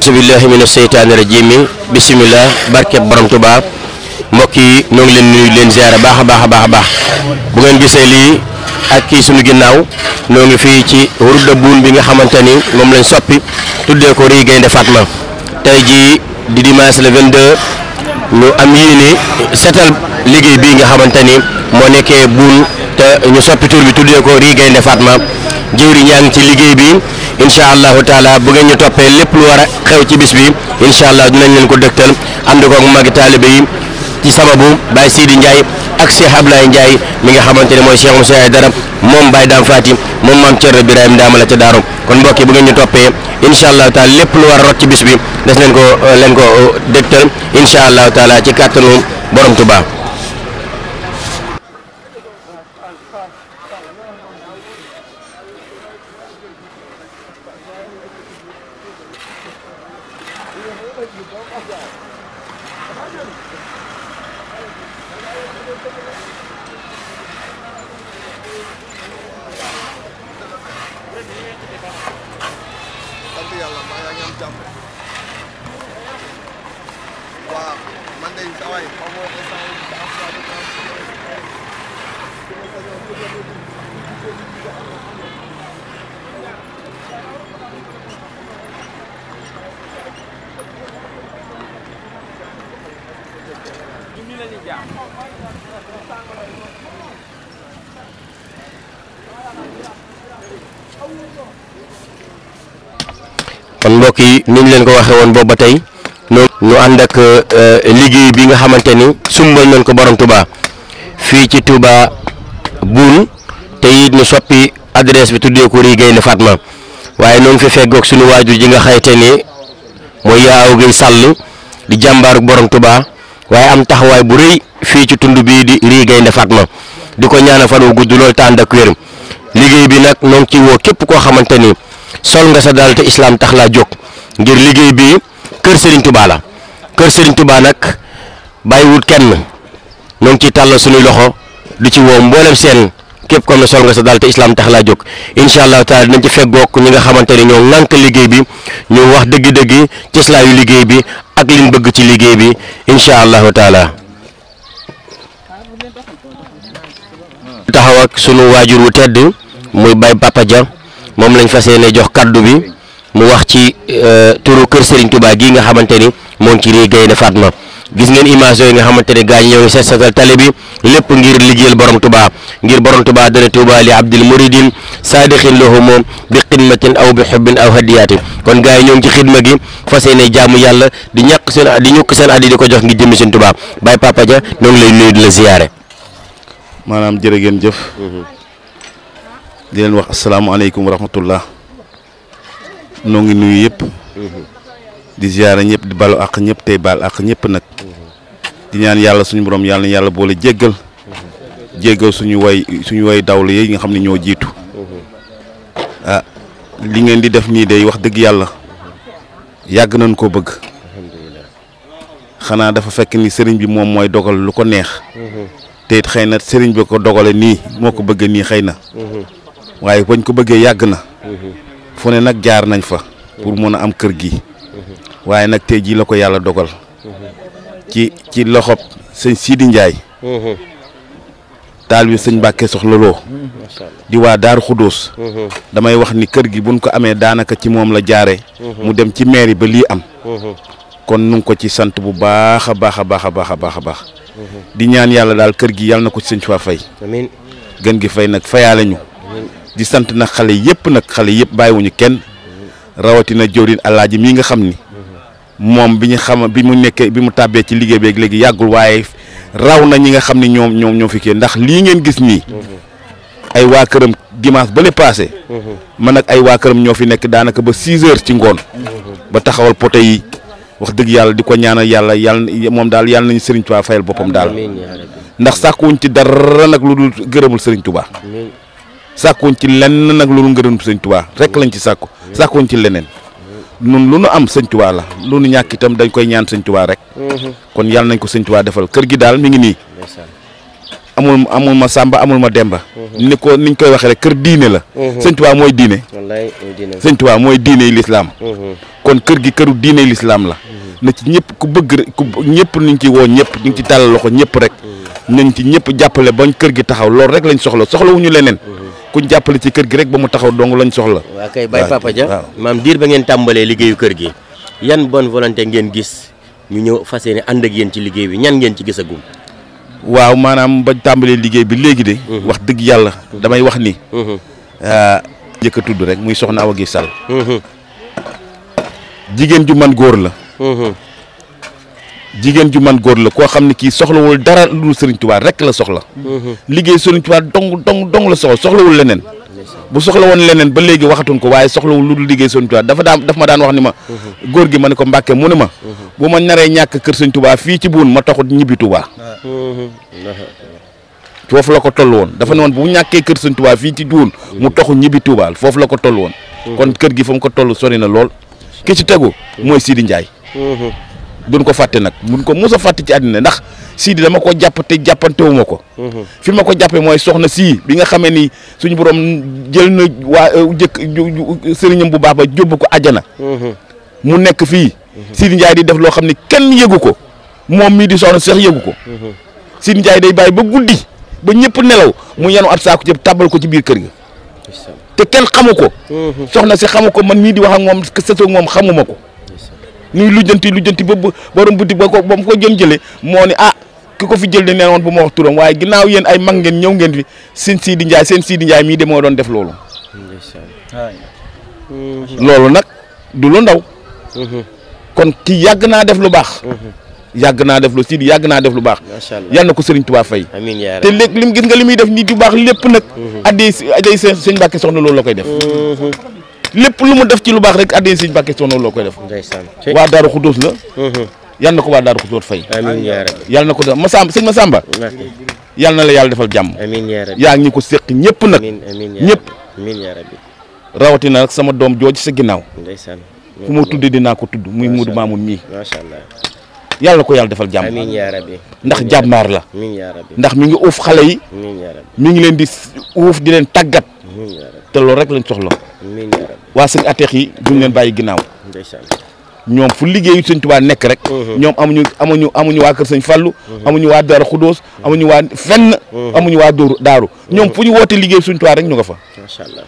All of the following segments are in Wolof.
bismillahi mina seytaani rajiim bismillah barkeb borom Tuubaa mbokk yi ñoo leen nuyu leen ziyaara baax a baax a baax a baax bu ngeen gisee lii ak kii suñu ginnaaw ñoo fii ci rudda buun bi nga xamante ni moom lañ soppi tuddee ko Rue Gaïndé ma tey jii di dimanche le 22 ñu am yéene setal liggéey bii nga xamante moo nekkee buun te ñu soppi tur bi tuddee ko Rii Gaynde Fatma jëwri ñaa ngi ci liggéey bi incha allahu taala bu ngeen ñu toppee lépp lu war a xew ci bis bi incha allah dinañ leen ko dëgtal ànd ko ak magi taalibe yi ci sababu Baye Sidi Ndiaye ak Cheikh Ablaye Ndiaye mi nga xamante ne mooy Cheikh Moussa Aïdara moom Baye Dame Fati moom maam Thierno Birahim Dama la ca Daaru kon mbokk bu ngeen ñu toppee incha allahu taala lépp lu war a rot ci bis bi des leen ko leen ko dëgtal incha allahu taala ci kàttanu borom Touba. la ñuy kon mbokk yi ni ñu leen ko waxe woon boobu ba tey ñu ànd ak euh, liggéey bi nga xamante ni sumbal nañ ko borom Touba fii ci tubaa buun te it ñu soppi adresse bi tuddee ko Rue Gaïndé Fatma waaye noonu fi feggoog suñu waajur ji nga xayte ni mooy yaaw gi sàll di jàmbaaru borom Touba waaye am taxawaay bu rëy fii ci tund bii di lii Gaynde Fatma di ko ñaanal fan wu gudd loolu tànd ak wér liggéey bi nag noo ngi ci woo képp koo xamante ni sol nga sa daal te islaam tax laa jóg ngir liggéey bi kër Serigne Touba kër Serigne Touba nag bàyyiwut kenn noo ngi ciy suñuy loxo di ci woo mboolem seen képp ko am sol nga sa daal te laa jóg incha allah taala dinañ ci feggoog ñi nga xamante ni ñoo ŋànk liggéey bi ñu wax dëgg-dëgg ci islaayu liggéey bi ak liñ bëgg ci liggéey bi incha allahu taala taxaw ak sunu waajur wu tedd muy Baye Papa Dia moom lañ fas yéene jox kàddu bi mu wax ci euh, turu kër Serigne Touba gi nga xamante ni moo ci réer Gaynde Fatma gis ngeen image yooyu nga xamante ne gars yi ñoo ngi set setal tali bi lépp ngir liggéeyal borom Tuubaa ngir borom Tuubaa dana Tuubaa li abdil muridin saadixin lahu moom bi xidmatin aw bi xubbin aw hadiyaati kon gars yi ñoo ngi ci xidma gi fas yéene jaamu yàlla di ñàkk seen di ñukk seen addi di ko jox ngir jëmmi seen Tuubaa Baye Papa Dia ñoo ngi lay nuyu di la ziyaare maanaam jërë ngeen jëf mhm. di leen wax asalaamaaleykum wa rahmatullah noo ngi nuyu yëpp mhm. di ziyaare ñëpp di balu àq ñëpp tey baal àq ñëpp nag di ñaan yàlla suñu borom yàlla yàlla boole jéggal jéggal suñu woy suñu way dawle yi nga xam ne ñoo jiitu ah, li ngeen di def nii day wax dëgg yàlla yàgg nañ ko bëgg xanaa dafa fekk ni sëriñ bi moom mooy dogal lu ko neex te it xëy na sëriñ bi ko dogale nii moo ko bëggee nii xëy na waaye bañ ko bëggee yàgg na fu nag jaar nañ fa pour mën a am kër gi waaye nag tey jii la ko yàlla dogal ci ci loxob sëñ Sidi Ndiaye. Mhm. taal bi sëñ Mbàkke di waa daar Xudóos mhm. damay wax ni kër gi buñ ko amee daanaka ci moom la jaare mhm. mu dem ci mairie ba lii am kon nu ko ci sant bu baax a baax a baax a baax a baax a baax di ñaan yàlla daal kër gi yàlla na ko ci sëñ faa fay gën gi fay nag fayaale ñu di sant nag xale yëpp nag xale yëpp bàyyiwuñu kenn rawatina jëwriñ alaaji mii nga xam ni moom bi ñu xam bi mu nekkee bi mu tàbbee ci liggéey beeg léegi yàggul waaye raw na ñi nga xam ne ñoom ñoom ñoo fi kii ndax lii ngeen gis nii. ay waa këram dimanche ba le passé. man ak ay waa këram ñoo fi nekk daanaka ba 6 heures ci ngoon. ba taxawal poto yi wax dëgg yàlla di ko ñaanal yàlla yàlla moom daal yàlla nañu Serigne Touba fayal boppam daal. Ya ndax sàkkuwuñ ci dara nag lu dul gërëmul Serigne Touba. sàkkuwuñ ci lenn nag lu dul gërëmul Serigne Touba rek lañ ci sàkku. sàkkuwuñ ci leneen. nun lu nu am sëñ Tuubaa la lu nu ñàkk itam dañ koy ñaan sëñ rek. Mhm. kon yàlla nañ ko sëñ Tuubaa defal kër gi daal mi ngi nii. amul amul ma Samba amul ma Demba. Mhm. ni ko niñ koy waxee rek kër diine la. Mhm. sëñ Tuubaa mooy diine. wallaay diine mooy diine lislaam kon kër gi kër diine lislaam la. na ci ñëpp ku bëgg ku ñëpp ñu ngi ciy woo ñëpp ñu ngi ci tàllal loxo ñëpp rek. nañ ci ñëpp jàppale bañ kër gi taxaw loolu rek lañ soxla soxlawuñu leneen. kuñ politiker ci kër gi rek ba mu taxaw dong lañ soxla wa kay bay papa ja mam dir ba ngeen tambalé ligéyu kër gi yan bonne volonté ngeen gis ñu ñëw fas yéene ànd ak yeen ci liggéey bi ñan ngeen ci gisagum waaw manam ba tambalé ligéy bi légui de mhm. wax dëgg yalla damay wax ni mhm. ah, njëkk a tuddu rek muy soxna awa gi sal mhm. jigéen ju man góor la jigéen ju man góor la koo xam ne kii soxlawul dara lu Serigne Touba rek la soxla. Mhm. liggéey Serigne Touba dong dong dong la soxla soxlawul leneen. bu soxla woon leneen ba léegi waxatuñ ko waaye soxlawul lu du liggéey Serigne Touba dafa daan daf daan wax ni ma. Mhm. góor gi ma ne ko Mbàkke mu ne ma. Mhm. bu ma naree ñàkk kër Serigne Touba fii ci buun ma taxut ñibbi Touba. foofu la ko toll woon dafa ne woon bu ñàkkee kër Serigne Touba fii ci buun mu taxu ñibbi Touba foofu la ko toll woon. kon kër gi fa mu ko toll sori na lool. ki ci tegu mooy Sidi Ndiaye. duñ ko faté nak mun ko musa faté ci adina ndax Sidi dama ko japp te jàppantewu mhm. ma ko. fi mako jappé moy soxna si bi nga xamé ni suñu borom jël na wa euh, jëk sëriñam bu baba jobb ko àjjana. Mhm. mu nekk fii. Mhm. Sidi ndjay di def lo xamni kenn yëgu ko moom mii di soxna sax yëgu ko. Sidi ndjay day bay ba guddi ba ñepp nelaw mu yanu ab saako jëp tabal ko ci biir kër te kenn xamuko soxna si xamuko man mi di wax ak moom sësoog moom mom xamumako muy lu lujjanti ba borom boutique ba ko ba mu ko jëm jëlee moo ni a ah, ki ko fi jël ne neexoon bu ma wax turam waaye ginnaaw yéen ay mag ngeen ñëw ngeen fi seen Sidi Ndiaye seen Sidi Ndiaye mii de moo doon def loolu. loolu nag du lu ndaw. Mhm. kon ki yàgg naa def lu baax. Mhm. yàgg naa def lu Sidi yàgg naa def lu baax. macha allah yal na ko Serigne Touba fay. amiin te lim gis nga li muy def nit yu baax lépp nag. addee addee seen seen Mbàkke soxna loolu koy def. Mhm. lépp lu mu def ci lu baax rek addina Sëñ Mbàkke Sono loo koy def. ndeysaan waa Daaru Xudóos la. Mhm. yal na ko waa Daaru Xudóos fay. amiin yaa rabbi yal ko def Masamba sëñ Masamba. yal na la yàlla defal jàmm. amiin yaa ñu ko séq ñëpp nag. ñëpp amiin yaa rawatina nag sama doom jooju sa ginnaaw. ndeysaan ku ma tudd dinaa ko tudd muy Moodu Maamun mii. macha allah yàlla ko yàlla defal jàmm. amiin yaa rabbi ndax jàmbaar la. amiin yaa ndax mi ngi uuf xale yi. amiin mi ngi leen di uuf di leen tàggat. te loolu rek lañ soxla waa sëñ ateex yi duñ leen bàyyi ginnaaw ñoom fu liggéeyu sëñ Tuubaa nekk rek mhm. ñoom amuñu amuñu amuñu waa kër sëñ Fàllu mhm. amuñu waa Daaru Xudóos mhm. amuñu waa fenn amuñu waa dóoru daaru ñoom fu ñu woote liggéey sëñ Tuubaa rek ñu nga fa macha allah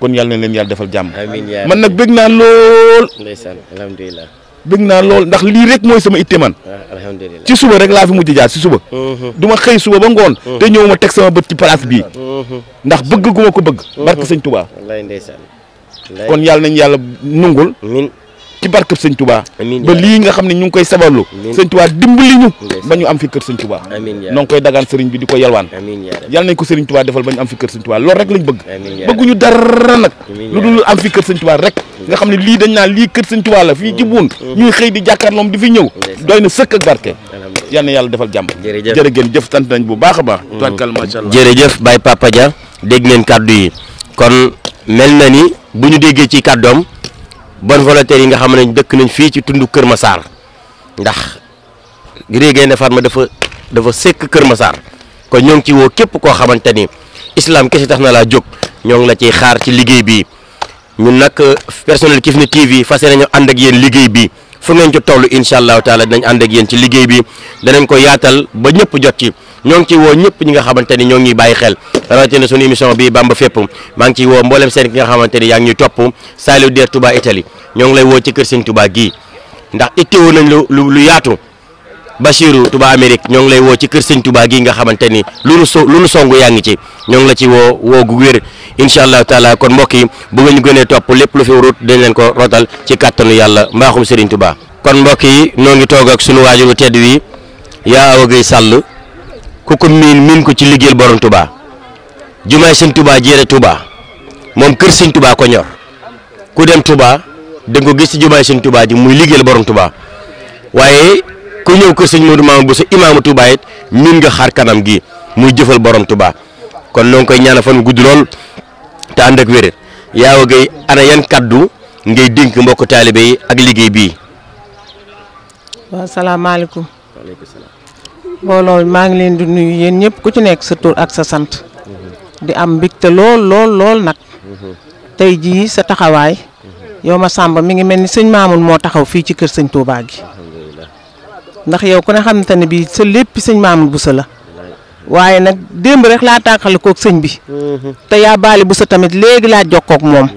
kon yàlla na leen yàlla defal jàmm man nag bëgg naa lool ndeysaan alhamdulilah bëgg naa lool ndax li rek moy sama itte man alhamdulilah ci suba rek la fi mujj jaar ci suba duma xey suba ba ngoon te ñewuma tek sama bëtt ci place bi ndax bëgg guma ko bëgg barke sëñ Touba wallahi ndeysaan kon yalla nañ yalla nungul ci barkeb sëñ Touba ba li nga xamni ñu koy saballu sëñ Touba dimbali ñu ba ñu am fi kër Touba koy dagan bi di amin yalwaan yalla nañ ko sëriñ Touba defal ba ñu am fi kër sëñ Touba lool rek lañ bëgg ñu dara nak lu dul am fi kër Touba rek nga xam ne lii dañ naa lii kër sëñ Tuubaa la fii ci buun ñuy xëy di jàkkaarloom di fi ñëw doy na sëkk ak barke yal yàlla defal jàmm jërë ngeen jëf sant nañ bu baax a baax mm. tuwatkal macha allah jërëjëf Baye Papa Dia dégg ngeen kàddu yi kon mel na ni bu ñu déggee ci kàddoom bonne volontaire yi nga xam ne dëkk nañ fii ci tund Kër Massar ndax réegee ne Fatma dafa dafa sëkk Kër Massar kon ñoo ngi ci woo képp koo xamante ni islam kese tax na laa jóg ñoo ngi la ciy xaar ci liggéey bi ñun nag euh, personnel Kifne TV fas yéene nañu ànd ak yéen liggéey bi fu ngeen ci toll incha allahu taala dinañ ànd ak yéen ci liggéey bi danañ ko yaatal ba ñëpp jot ci ñoo ngi ciy woo ñëpp ñi nga xamante ni ñoo ngi bàyyi xel rawatina suñu émission bi Bamba Fépp maa ngi ciy woo mboolem seen ki nga xamante ni yaa ngi ñuy topp Saliou Der Touba Italie ñoo ngi lay woo ci kër Sëñ Touba gii ndax itteewoon nañ lu lu yaatu bashiru Touba Amérique ñong lay wo ci kër seigne Touba gi nga xamanteni ni lu nu lu songu yaangi ci ñong la ci wo wo gu wér inshallah taala kon mbokk yi bu ngeen gëné top lepp lu fi wurut dañ leen ko rotal ci katanu yalla mbaxum seigne Touba. kon mbokk yi noo ngi toog ak sunu waajuru tedd wi ya Awa Gueye Sall ku ko min min ko ci liggéeyal borom Touba jumaay seigne Touba jere Touba mom kër seigne Touba ko ñor ku dem Touba da nga gis ci seigne Touba ji muy borom Touba waye ku ñëw kër sëñ Modou bu Bousso imaamu Touba it nga xaar kanam gi muy jëfal borom Touba kon noo ngi koy ñaanal fan gudd lool te ànd ak wér yaaw gay ana yan kaddu ngay dénk mbokk taalibe yi ak liggéey bii. waaw salaamaaleykum. waaleykum salaam. mbooloo maa ngi leen di nuyu yéen ñëpp ku ci nekk sa tool ak sa sant. di am mbégte lool lool lool nag. tey jii sa taxawaay. Mhm. yow ma sàmba mi ngi mel ni sëñ Mamoun moo taxaw fii ci kër sëñ Touba gi. Mhm. ndax yow ku ne xamante ne bii sa lépp sëñ Mamour Bousso la waaye nag démb rek laa tàqale kook sëñ bi te yaa baali Bousso tamit léegi laa jokkoog moom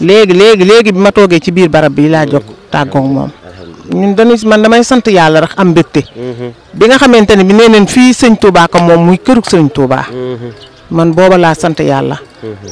léegi léegi léegi bi ma toogee ci biir barab bi laa jokk mm-hmm. tàggoog moom ñun dañuy man damay sant yàlla rek am mbégte mm-hmm. bi nga xamante ne bi nee neen fii sëñ Touba moom muy këru sëñ Touba mm-hmm. man booba laa sant yàlla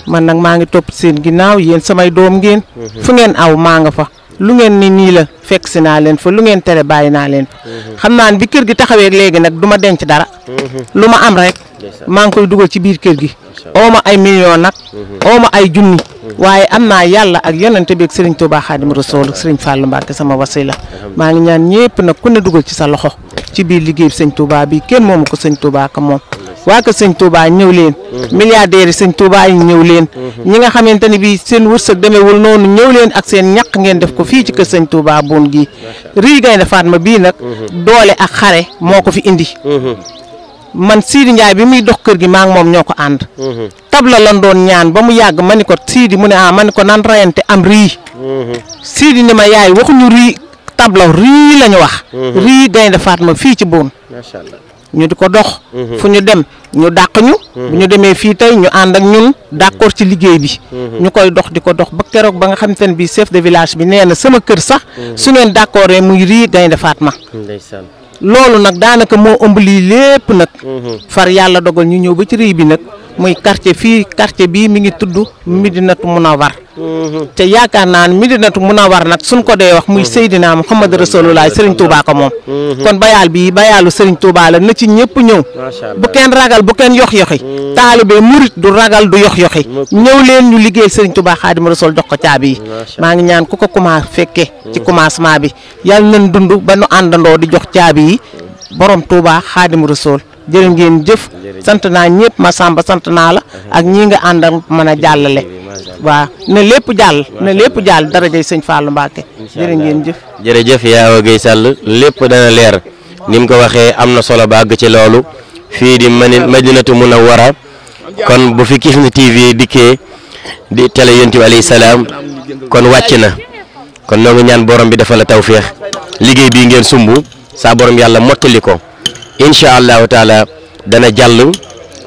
man nag maa ngi topp seen ginnaaw yéen samay doom ngeen fu ngeen aw maa nga fa lu ngeen ni nii la fekk si naa leen fa lu ngeen tere bàyyi naa leen mm-hmm. xam naa ne bi kër gi taxawee léegi nag duma denc dara mm-hmm. lu ma am rek maa ngi koy dugal ci biir kër gi ma ay million nag oo mm-hmm. ma ay junni waaye am naa yàlla ak yonente bi ak Serigne Touba Xaadimu Rasuul Serigne Fallou Mbacke sama wasila maa ngi ñaan ñëpp nag ku ne dugal ci sa loxo ci biir liggéey bi Sëñ Touba bi kenn moomu ko Sëñ Touba ka moom waa kër sëñ Touba ñëw leen. Mhm. milliardaires yi sëñ Touba yi ñëw leen. Mhm. ñi nga xamante ni bii seen wërsëg demeewul noonu ñëw leen ak seen ñaq ngeen def ko fii ci kër sañ Touba Boun gi rii Gaynde ma bii nag. Mhm. doole ak xare moo ko fi indi. man Sidi Ndiaye bi muy dox kër gi maa ngi moom ñoo ko ànd. tabla lan doon ñaan ba mu yàgg ma ni ko Sidi mu ne ah ma ni ko nan rayante am rii. Sidi ni ma yaay waxuñu rii tabla rii la wax. rii Gaynde ma fii ci Boun. macha allah. ñu di ko dox. Mhm. fu ñu dem ñu dàq ñu. Mhm. bu ñu demee fii tey ñu ànd ak ñun d'accord ci liggéey bi. Mhm. ñu koy dox di ko dox ba keroog ba nga xam te ne bii chef de village bi nee na sama kër sax. su neen d'accord muy rii Gaynde Fatma. loolu nag daanaka moo ëmb lii lépp nag. far yàlla dogal ñu ñëw ba ci rii bi nag. muy quartier fii quartier bii mi ngi tudd Midinatu Munawar te yaakaar naa ne a Munawar nag suñ ko dee wax muy Seydina Muhammad Rasulullah Serigne Touba ko moom kon bayaal bii bayaalu Serigne Touba la na ci ñëpp ñëw bu kenn ragal bu kenn yox-yoxi mm. taalibe murit du ragal du yox-yoxi ñëw leen ñu liggéey Serigne Touba Xaadimu Rasul jox ko caabi yi maa ngi ñaan ku ko commencé fekke mm. ci commencement bi yàlla nañ dund ba nu àndandoo di jox caabi yi mm. borom Touba Xaadimu Rasul jërë ngeen jëf sant na ñëpp ma samba sant na la ak ñi nga àndal mën a jàllale waaw na lépp jàll na lépp dara darajay seigne Fallou Mbacke jërë ngeen jëf jërëjëf Yaawa gey Sall lépp dana leer nim ko waxee amna solo baag ci loolu fi di madinatu munawwara kon bu fi Kifne TV dikkee di télé yentou ali salam kon wàcc na kon no ngi ñaan borom bi dafa la tawfiix liggéey bi ngeen sumbu sa borom yalla motali ko incha allahu taala dana jàll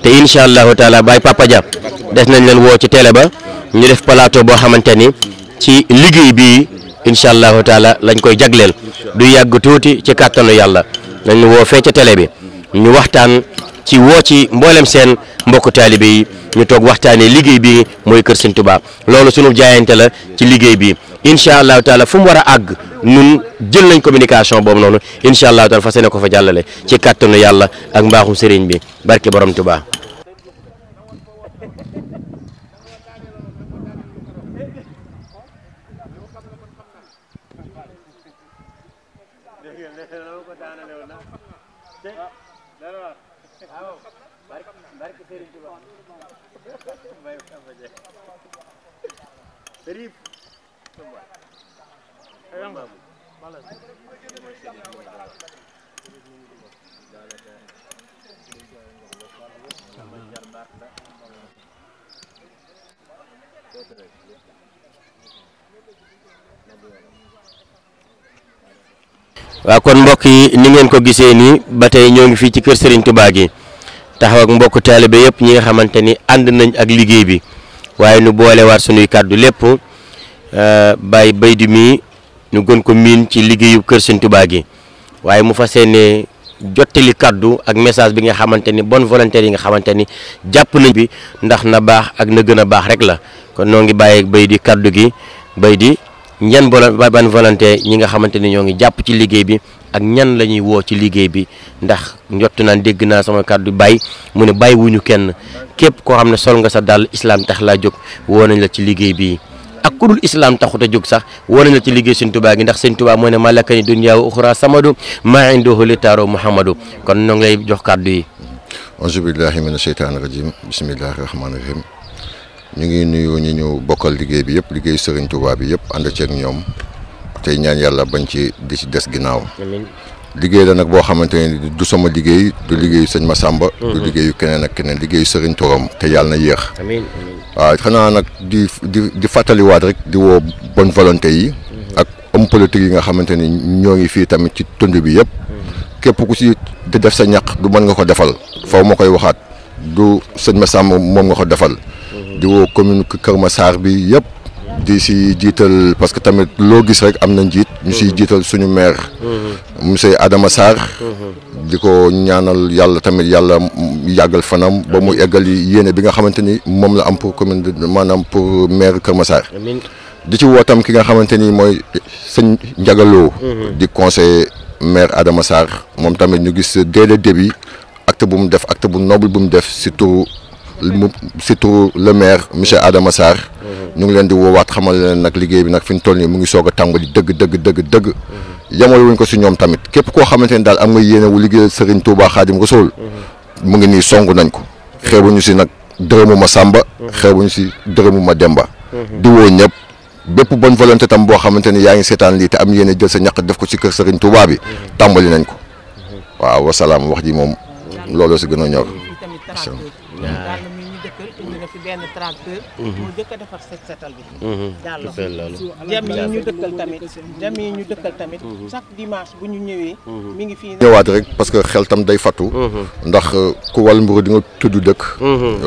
te incha allahu taala Baye Papa Dia des nañ leen woo ci télé ba ñu def plateau boo xamante ni ci liggéey bi incha allahu taala lañ koy jagleel du yàgg tuuti ci kàttanu yàlla nañ woo fee ca bi ñu waxtaan ci woo ci mboolem seen mbokku taalibe yi ñu toog waxtaanee liggéey bi mooy Kër Sëñ Tuubaa loolu sunu jaayante la ci liggéey bi. incha allahu taala fu mu war a nun jël nañ communication boobu noonu incha allahu taala fas yéene ko fa jàllale ci kàttanu yàlla ak mbaaxum sëriñ bi barke borom Tuubaa Sëriñ waaw kon mbokk yi ni ngeen ko gisee nii ba tey ñoo ngi fii ci kër sëriñ Touba gi taxaw ak mbokk taalibe yëpp ñi nga xamante ni ànd nañ ak liggéey bi waaye nu boolewaat suñuy kàddu lépp Euh, Baye di mii ñu gën ko miin ci liggéeyu Kër Sëñ Tuubaa gi waaye mu fas yéene jottali kàddu ak message bi nga xamante ni bonne volonté yi nga xamante ni jàpp bi ndax na baax ak na gën a baax rek la kon noo ngi bàyyi Baydi kàddu gi Baydi ñan bonne volonté ñi nga xamante ni ñoo ngi jàpp ci liggéey bi ak ñan la ñuy woo ci liggéey bi ndax njott naan dégg naa sama kàddu bàyyi mu ne bàyyi wuñu kenn képp koo xam ne sol nga sa dàll islam tax laa jóg woo nañ la ci liggéey bii ak ku dul islam a jóg sax wane na ci liggéey sëñ Tuubaa ndax sëñ Tuubaa moo ne malaka ni dunya wa uxra samadu maa indohu li taaro muhammadu kon noo ngi lay jox kàddu yi auzu billahi mina a rajim bismillahi rahmaani rahim ñu ngi nuyoo ñu ñu bokkal liggéey bi yëpp liggéey sëriñ Tuubaa bi yëpp ànd ceeg ñoom tey ñaan yàlla bañ ci di ci des ginnaaw liggéey la nag boo xamante ne du sama liggéey du liggéeyu sëñ Massamba. du mhm. liggéeyu keneen ak keneen liggéeyu sëriñ Turam te yàlla yéex. amiin waaw xanaa nag di di di fàttaliwaat rek di woo bonne volonté yi. Mhm. ak homme yi nga xamante ni ñoo ngi fii tamit ci tund bi yëpp. Mhm. képp ku si di def sa ñaq du mën nga ko defal. faw ma koy waxaat du sëñ ma Massamba moom nga ko defal. di woo commune Kër Massar bi yëpp. di si jiital parce que tamit loo gis rek am na njiit. ñu siy mhm. jiital suñu maire. Mhm. monsieur Adama Sarr. Mhm. di ko ñaanal yàlla tamit yàlla yàggal fanam ba mu eggal yéene bi nga xamante ni moom la am pour commune de maanaam pour maire Kër Massar. di ci wootam ki nga xamante ni mooy sëñ njagaloo di conseiller maire Adama Sarr moom tamit ñu gis dès le début acte bu mu def acte bu noble bu mu def surtout. mu surtout le maire monsieur Adama Sarr. Mhm. ñu ngi leen di woowaat xamal leen nag liggéey bi nag fi ñu toll nii mu ngi soog a tàmbali dëgg dëgg dëgg dëgg. Mhm. yamale wuñ ko si ñoom tamit képp koo xamante ne daal am nga yéene wu liggéeyal Serigne Touba Khadim Rasoul. Mhm. mu ngi nii song nañ ko. ñu si nag dërëmu ma Samba. xeebuñu si dërëmu ma Demba. di woo ñëpp bépp bon volonté tam boo xamante ni yaa ngi seetaan lii te am yéene jël sa ñaq def ko ci kër Serigne Touba bi. tàmbali nañ ko. waaw wax ji moom si gën a ñor. benn tracteur. Mhm. Mhm. Mhm. ñëwaat rek parce que xel tam day fattu. ndax euh, ku wal mburu di nga tudd dëkk.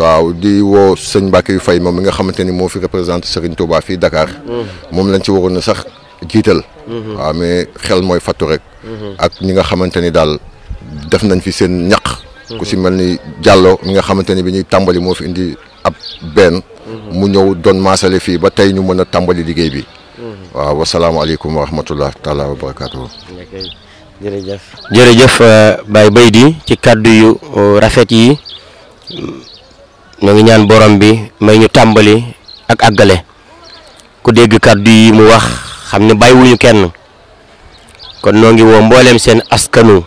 waaw di woo sëñ Mbacke yu fay moom mi nga xamante ni moo fi représenté Serigne Touba fii Dakar. moom lañ ci waroon a sax jiital. waaw mais xel mooy fattu rek. ak ñi nga xamante ni daal def nañ fi seen ñaq. Mhm. ku ci melni ni Diallo mi nga xamanteni bi ñuy tambali mo fi indi ab ben mhm. mu ñew doon masale fi ba tay ñu tambali a bi mhm. wa wa waaw alaykum wa rahmatullah taala wa barakaatu jere jërëjëf euh, Baye di ci kaddu yu euh, rafet yi ngi ñaan borom bi may ñu tambali ak agale ku dégg kaddu yi mu wax xamni ne bàyyiwuñu kenn kon no ngi wo mbollem sen askanu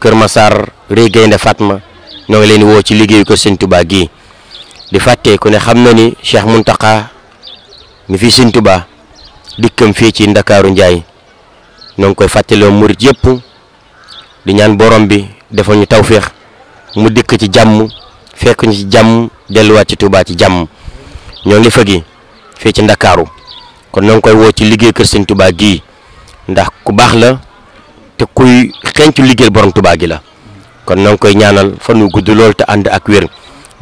keur masar Rey Gaynde faatma ñoo leen di woo ci liggéeyu ko sëñ Touba gii di fàtte ku ne xam na ni Cheikh Mountakha mi fi sëñ Touba dikkam fii ci Ndakaaru Njaay ñoo ngi koy fàttaloo murit yëpp di ñaan borom bi defal ñu tawféex mu dikk ci jàmm fekk ci jàmm delluwaat ci Touba ci jàmm ñoo ngi fëggi fii ci Ndakaaru kon ñoo ngi koy woo ci liggéey kër sëñ Touba gii ndax ku baax la te kuy ci liggéeyal borom tubaa gi la kon na nga koy ñaanal fan wu gudd loolu te ànd ak wér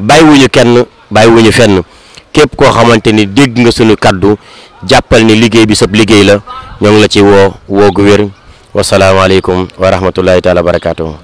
bàyyiwuñu kenn bàyyiwuñu fenn képp koo xamante ni dégg nga suñu kàddu jàppal ni liggéey bi sab liggéey la ñoo ngi la ci woo woogu wér wasalaamaaleykum wa rahmatullahi taala wa barakaatu.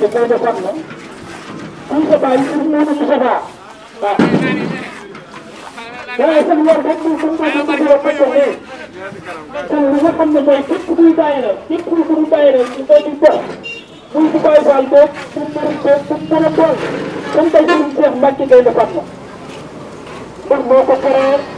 fàtte boo defoon na suñ ko bàyyi pour mu mën a waaw. waaye seen war rek moom suñ ko defee ba ko joxee. kon li nga xam ne mooy képp kuy bàyyi la képp kuy kuy bàyyi la ñu koy di dox. muy bu bàyyi baal boobu pour mu mën pour mu mën a toll. comme tey jii ñu jeex mbàcc ngay defoon na. ndax moo ko xaree.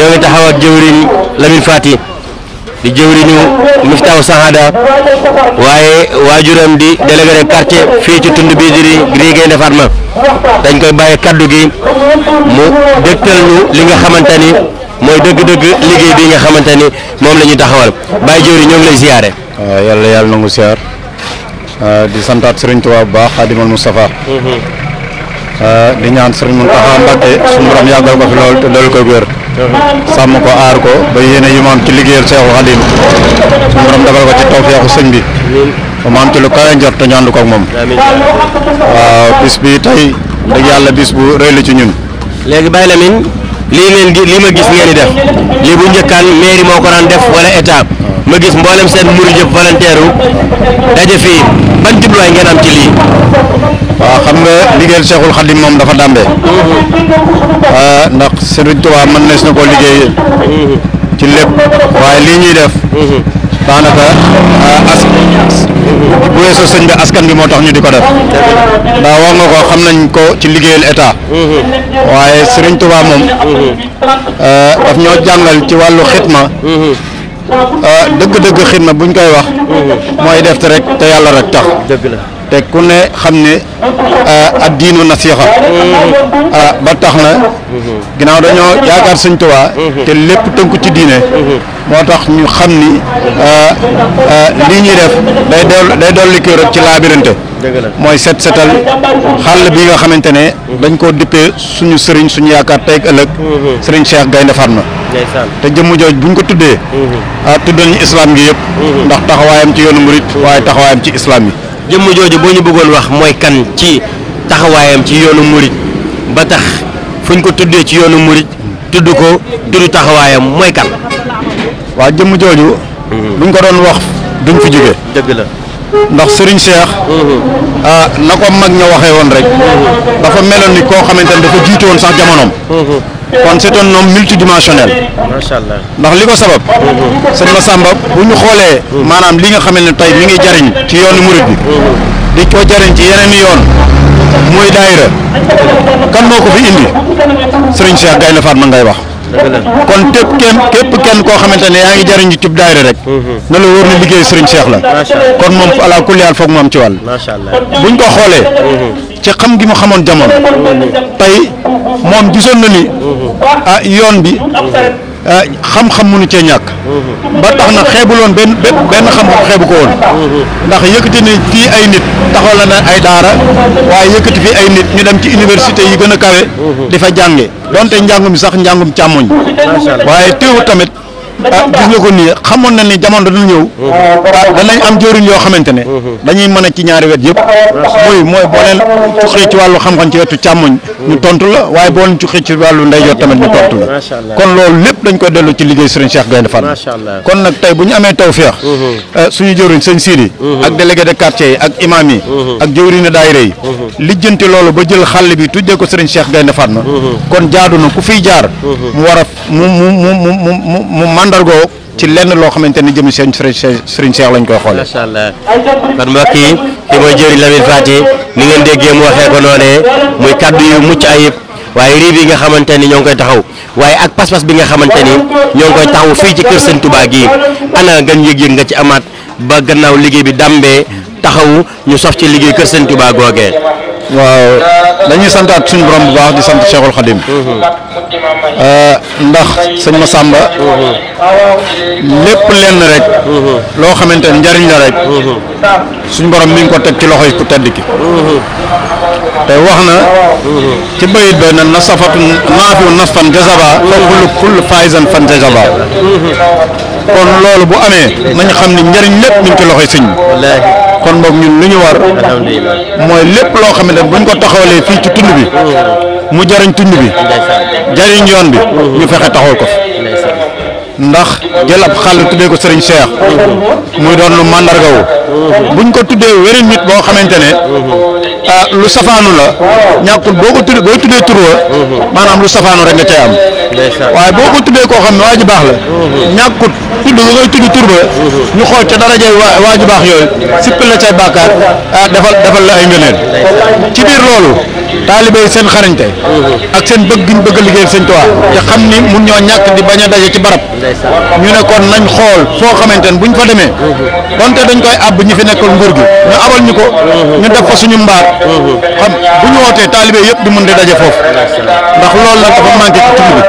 ñoo ngi taxaw ak jëwriñ Lamine di jëwriñu Miftaw Sahada waaye waajuram di délégué de fii ci tund bii di Guédé Gaïndé dañ koy bàyyi kaddu gi mu dégtal ñu li nga xamante ni mooy dëgg-dëgg liggéey bi nga xamante ni moom la ñu taxawal bàyyi jëwriñ ñoo ngi lay ziyaare. waaw yàlla yàlla nangu siyaar ah, di santaat Serigne Touba bu baax Xaadimal Moustapha mm-hmm. ah, di ñaan Serigne Mountakha Mbacké suñu borom yàggal ko fi lool te dool ko wér. sàmm ko aar ko ba yéene yu ma am ci liggéeyal Seexu Xadim suñu borom defal ko ci tawfeexu sëñ bi ba ma am ci lu kawe njort te ñu ànd ko ak moom waaw bis bi tey dëgg yàlla bis bu rëy la ci ñun léegi Baye Lamine lii leen gi lii ma gis ngeen di def lii bu njëkkaan mairie moo ko naan def wala état ma gis mboolem seen murid yëpp volontaire daje fii ban jubluwaay ngeen am ci lii. waaw xam nga liggéeyal Cheikhul Khadim moom dafa dàmbee ah, ndax Serigne Touba mën na si na koo liggéey mhm. ci lépp waaye lii ñuy def. Mhm. daanaka euh, as bu weesoo sëñ bi askan bi moo tax ñu di ko def ndax wax nga ko xam nañ ko ci liggéeyal état waaye Sëriñ Tuubaa moom euh, daf ñoo jàngal ci wàllu xitma euh, dëgg-dëgg xitma buñ koy wax mooy def te rek te yàlla rek tax la te ku ne xam ne a diinu nasiixa mm-hmm. ba tax na ginnaaw dañoo yaakaar sëñ Tuubaa mhm. te lépp tënku ci diine mhm. moo tax ñu xam ni euh, euh, lii ñuy def day dool day dolli kii rek ci laa laabirante mooy set setal xàll bi nga xamante ne mhm. dañ koo dippee suñu sëriñ suñu yaakaar tey ak ëllëg sëriñ Cheikh Gaynde Fatma te jëmm jooj buñ ko tuddee ah tuddal ñu islam gi yëpp ndax taxawaayam ci yoonu murit waaye taxawaayam ci islam yi jëmm jooju boo ñu bëggoon wax mooy kan ci taxawaayam ci yoonu murit ba tax fuñ ko tuddé ci yoonu murid tudd ko tudd taxawayam moy kan wa jëm joju buñ hmm. ko doon wax duñ fi jóge deug la ndax serigne cheikh hmm. ah nako mag ñu waxé won rek hmm. dafa melon ko xamanteni dafa jitté won sax jamonom kon c'est un homme multidimensionnel machallah ndax liko sabab serigne massamba buñu xolé manam li nga xamanteni tay mi ngi jariñ ci yoonu murid bi di ko jariñ ci yeneen yoon mooy daayira kan moo ko fi indi Serigne Cheikh Gaynde Fatma ngay wax kon tépp kenn képp kenn koo xamante ne yaa ngi jariñu cib daayira rek na la wóor ne liggéey Serigne Cheikh la kon moom ala kulli haal foog mu am ci wàll buñ ko xoolee ci xam gi mu xamoon jamono tey moom gisoon na ni ah yoon bi Eh, xam-xam mënu cee ñàkk. ba tax na xeebu loon benn benn xam-xam xeebu ko woon. ndax yëkkati ne fii ay nit taxawal na ay daara waaye yëkkati fii ay nit ñu dem ci université yi gën a kawe. di fa jànge donte njàngum sax njàngum càmmoñ. waaye teewu tamit. Ah, gis nga ko nii xamoon na ni jamono dana ñëw ah, danañ am jëriñ yoo xamante ne mhm. dañuy mën a ci ñaari wet yëpp muy mooy boo leen cuxee ci wàllu xam-xam ci wetu càmmoñ ñu mhm. tontu la waaye boo leen cuxee ci wàllu ndeyjoor tamit ñu tontu la kon loolu lépp dañ koy dellu ci liggéey Serigne Cheikh Gaynde Fall kon nag tey bu ñu amee tawféex mhm. eh, suñu jëriñ sëñ Sidi ak délégué de quartier yi ak imam yi ak jëwriñ daayira yi lijjanti loolu ba jël xàll bi tuddee ko Serigne Cheikh Gaynde Fatma kon jaadu na ku fiy jaar mu war mu mu mu mu mu man mandargoo ci lenn loo xamante ni jëm seen Serigne Cheikh lañ koy xoole macha allah kon mbokk yi ki mooy jëriñ Lamine Faty ni ngeen déggee mu waxee ko noonee muy kaddu yu mucc ayib waaye riib yi nga xamante ni ñoo ngi koy taxaw waaye ak pas-pas bi nga xamante ni ñoo ngi koy taxaw fii ci kër Serigne Touba gii ana gan yëg-yëg nga ci amaat ba gannaaw liggéey bi dambee taxaw ñu sof ci liggéey kër Serigne Touba googee waaw dañuy santaat suñu borom bu baax di sant Cheikhul Khadim euh, ndax sëñ Massamba lépp lenn rek loo xamante ne njariñ la rek suñu borom mi ko teg ci loxo ku tedd ki te wax na ci bayit ba na nasafatu naafiu nasfan jazaba fa kullu kullu fan jazaba kon loolu bu amee nañ xam ne njariñ lépp mi ngi ci loxoy sëñ bi kon boog ñun lu ñu war mooy lépp loo xamante ne buñ ko taxawalee fii ci tund bi mu jariñ tund bi jariñ yoon bi ñu fexe taxawal ko fi ndax jël xal xàll tuddee ko Serigne Cheikh muy doon lu màndargawu buñ ko tuddee wéri nit boo xamante ne ah lu safaanu la ñàkkul boo ko tuddee boo tuddee tur wa lu safaanu rek nga cay am waaye boo ko tuddee koo xam ne waa ji baax la ñàkkut tudd nga ngay tudd tur ñu xool ca daraja waa waa ji baax yooyu sippil la cay bàkkaar ah defal defal la ay ngëneel ci biir loolu taalibe yi seen xarañte ak seen bëgg gi ñu bëgg a liggéey sëñ Tuubaa te xam ni mun ñoo ñàkk di bañ a daje ci barab ñu nekkoon nañ xool foo xamante ne buñ fa demee donte dañ koy àbb ñi fi nekkal nguur gi ñu abal ñu ko ñu def fa suñu mbaar xam bu ñu wootee taalibe yëpp di mun di daje foofu ndax loolu nag dafa manqué ci tund bi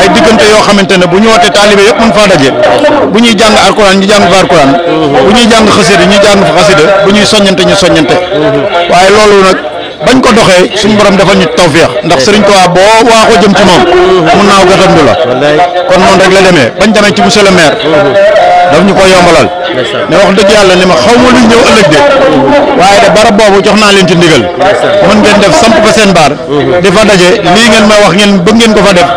ay diggante yoo xamante ne bu ñu wootee taalibe yëpp mun faa daje bu ñuy jàng alquran ñu jàng fa alquran bu ñuy jàng xasida ñu jàng fa xasida bu ñuy soññante ñu soññante mm-hmm. waaye loolu bañ ko doxee suñu borom dafa ñu tawféex ndax Serigne Touba boo waaxoo jëm ci moom mun naaw gàttandu la kon noonu rek la demee bañ demee ci monsieur le maire daf ñu ko yombalal ne wax dëgg yàlla ne ma xaw ma lu ñëw ëllëg de waaye de barab boobu jox naa leen ci ndigal mën ngeen def samp ko seen baar mhm. di fa daje lii ngeen may wax ngeen bëgg ngeen ko fa def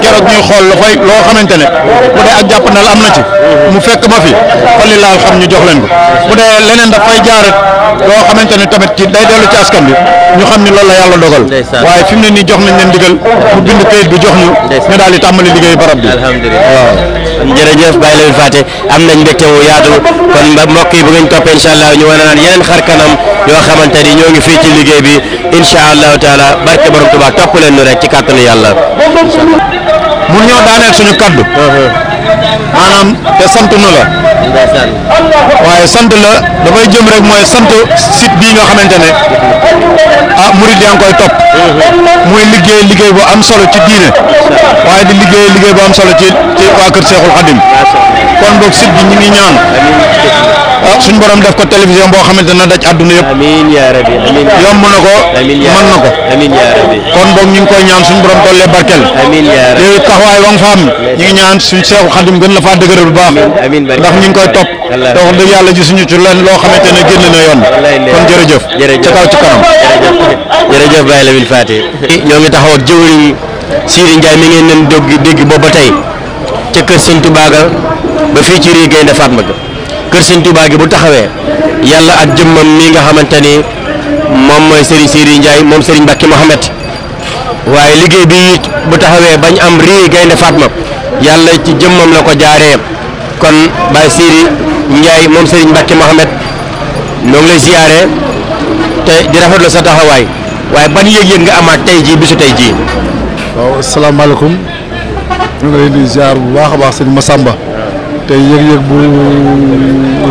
te la fay loo xamante ne bu dee ak jàppandal na ci mhm. mu fekk ma fi jox bi ñu xam ni loolu la yàlla dogal waaye fi mu ne nii jox nañ leen ndigal mu bind kayit bi jox ñu ñu daal di tàmbali liggéey barab bi alhamdulilah waaw kon jërëjëf bàyyi leen fàtte am nañ mbégte wu yaatu kon mbokk yi bu ngeen toppee incha allah ñu wane naan yeneen xar kanam yoo xamante ni ñoo ngi fii ci liggéey bi incha allahu taala barke borom Tuubaa topp leen nu rek ci kàttanu yàlla. mun ñoo daaneel suñu kaddu. Uh-huh. maanaam te sant nu la. waaye sant la dafay jëm rek mooy sant sit bii nga xamante ne ah murid yaa ngi koy topp. muy liggéey liggéey bu am solo ci diine. waaye di liggéey liggéey bu am solo ci ci waa kër Seexul Xadim kon boog site bi ñu ngi ñaan. Ah, suñu borom def ko télévision boo xamante na daj àdduna yëpp amiin yaa na ko mën na ko amiin kon boog ñu ngi koy ñaan suñu borom dollee barkeel amiin yaa rabbi taxawaay wa fa am ñu ngi ñaan suñu seexu xadim gën la faa dëgëral bu baax ndax ñu ngi koy topp te wax dëgg yàlla ji suñu ci leen loo xamante ne génn na yoon kon jërëjëf ca kaw ci kanam jërëjëf Baye Lamine Faty ñoo ngi taxaw ak jëwriñ Sidi Ndiaye mi ngeen leen dégg dégg ba tey ca kër Sëñ Tuubaa ba fii ci réew Gaynde Fatma kër sëñ Touba gi bu taxawee yàlla ak jëmmam mi nga xamante ni moom mooy Serigne Serigne Ndiaye moom Serigne Mbacke Mohamed waaye liggéey bi bu taxawee bañ am rii gaynde yàlla ci jëmmam la ko jaaree kon Baye Serigne Ndiaye moom Serigne Mbacke Mohamed ñoo lay ziyaare te di la sa taxawaay waaye ban yëg-yëg nga amaat tey jii bi bisu tey jii. waaw asalaamaaleykum ñu ngi lay di ziar bu baax a baax sëñ Massamba. te yëg-yëg bu